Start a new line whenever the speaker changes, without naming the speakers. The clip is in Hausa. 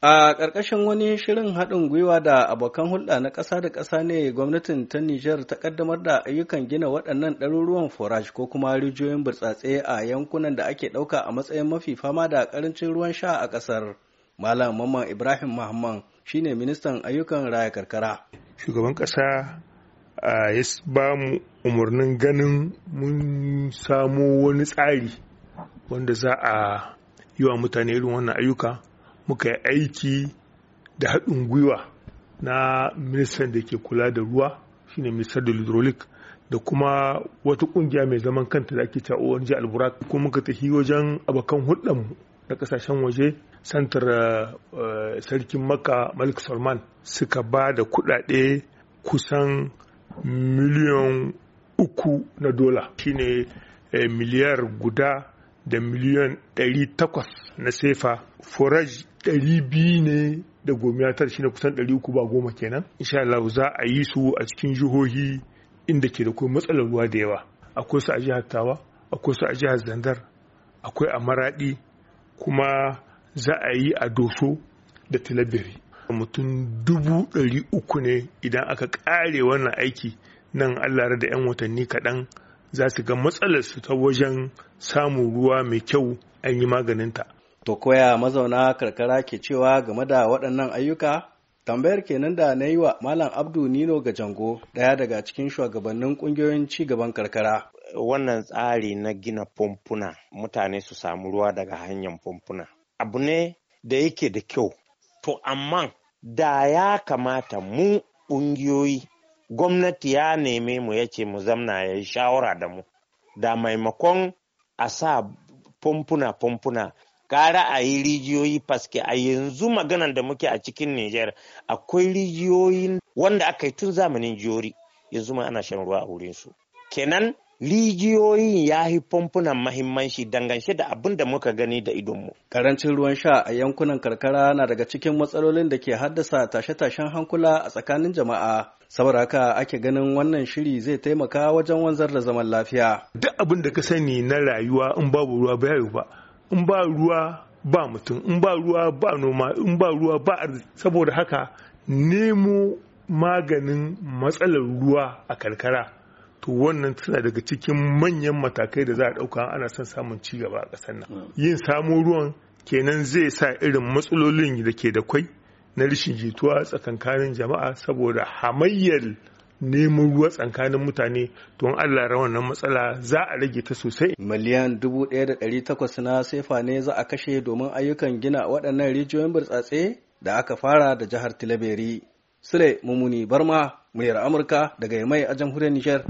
A ƙarƙashin wani shirin haɗin gwiwa da abokan hulɗa na ƙasa da ƙasa ne gwamnatin ta Nijar ta ƙaddamar da ayyukan gina waɗannan ɗaruruwan forage ko kuma rijiyoyin burtsatse a yankunan da ake ɗauka a matsayin mafi fama da ƙarancin ruwan sha a ƙasar. Malam Mamman Ibrahim Mahamman shine ministan ayyukan raya karkara.
Shugaban ƙasa ya ba mu umarnin ganin mun samo wani tsari wanda za a yi wa mutane irin wannan ayyuka. muka yi aiki da haɗin gwiwa na ministan da ke kula da ruwa shine ministan da hydraulic da kuma wata ƙungiya mai zaman kanta da ake cewa ONG Alburak kuma muka tafi wajen abokan hulɗarmu na kasashen waje santar eh, sarkin maka Malik Salman suka ba da kuɗaɗe kusan miliyan uku na dola shine eh, miliyar guda da miliyan ɗari takwas na sefa forage ɗari biyu ne da gomiyatar, shi na kusan ɗari uku ba goma kenan insha Allah za a yi su a cikin jihohi inda ke da kuma matsalar ruwa da yawa akwai su a jihar Tawa akwai su a jihar Zandar akwai a Maradi kuma za a yi a Doso da Tilabiri mutum dubu ɗari uku ne idan aka ƙare wannan aiki nan Allah da 'yan watanni kaɗan za su ga su ta wajen samun ruwa mai kyau an yi maganinta.
To koya mazauna karkara ke cewa game da waɗannan ayyuka? Tambayar kenan da na yi wa Malam Abdu Nino ga jango ɗaya daga cikin shugabannin ƙungiyoyin ci gaban karkara. Wannan tsari na gina
fomfuna mutane su samu ruwa daga hanyar fomfuna. Abu ne da yake da kyau. To amma da ya kamata mu ƙungiyoyi gwamnati ya neme mu ya ce mu zamna ya yi shawara da mu. Da maimakon a sa fomfuna-fomfuna gara a yi rijiyoyi faske a yanzu maganan da muke a cikin Nijar akwai rijiyoyi. wanda aka yi tun zamanin jori yanzu ma ana shan ruwa a wurin su kenan rijiyoyin ya yi famfunan mahimmanci dangance da abin da muka gani da idonmu.
Karancin ruwan sha a yankunan karkara na daga cikin matsalolin da ke haddasa tashe-tashen hankula a tsakanin jama'a. saboda haka ake ganin wannan shiri zai taimaka wajen wanzar da zaman lafiya.
Duk abin da ka sani na rayuwa in babu ruwa bai ba. in ba ruwa ba mutum in ba ruwa ba noma in ba ruwa ba saboda haka nemo maganin matsalar ruwa a karkara to wannan tana daga cikin manyan matakai da za a ɗauka ana son samun ci gaba a ƙasar nan hmm. yin samo ruwan kenan zai sa irin matsalolin da ke da kwai na rashin jituwa tsakankanin jama'a saboda hamayyar neman
ruwa tsakanin mutane to Allah ra wannan matsala za a rage ta sosai. Miliyan dubu ɗaya da ɗari takwas na sefa ne za a kashe domin ayyukan gina waɗannan rijiyoyin burtsatse da aka fara da jihar Tilaberi. Sule Mumuni Barma, muryar Amurka daga mai a jamhuriyar Nijar.